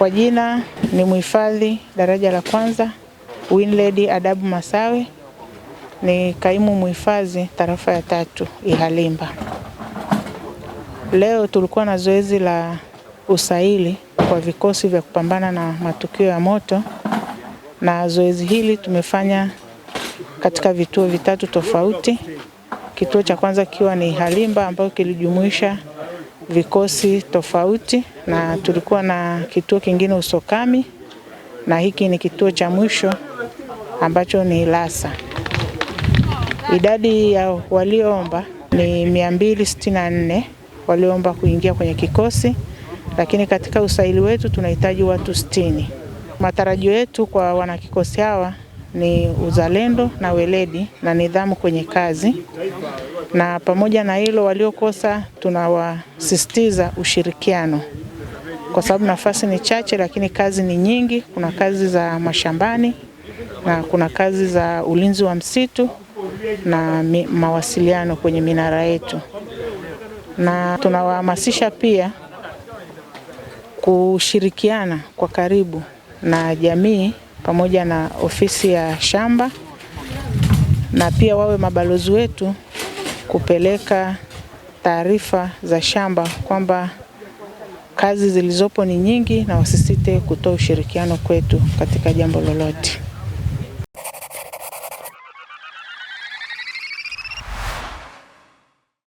Kwa jina ni mhifadhi daraja la kwanza Winledi Adabu Masawe, ni kaimu mhifadhi tarafa ya tatu Ihalimba. Leo tulikuwa na zoezi la usaili kwa vikosi vya kupambana na matukio ya moto, na zoezi hili tumefanya katika vituo vitatu tofauti. Kituo cha kwanza kikiwa ni Ihalimba ambayo kilijumuisha vikosi tofauti, na tulikuwa na kituo kingine Usokami, na hiki ni kituo cha mwisho ambacho ni Lasa. Idadi ya walioomba ni 264 walioomba kuingia kwenye kikosi, lakini katika usaili wetu tunahitaji watu 60. Matarajio yetu kwa wanakikosi hawa ni uzalendo na weledi na nidhamu kwenye kazi, na pamoja na hilo, waliokosa tunawasisitiza ushirikiano, kwa sababu nafasi ni chache, lakini kazi ni nyingi. Kuna kazi za mashambani na kuna kazi za ulinzi wa msitu na mawasiliano kwenye minara yetu, na tunawahamasisha pia kushirikiana kwa karibu na jamii pamoja na ofisi ya shamba, na pia wawe mabalozi wetu kupeleka taarifa za shamba kwamba kazi zilizopo ni nyingi na wasisite kutoa ushirikiano kwetu katika jambo lolote.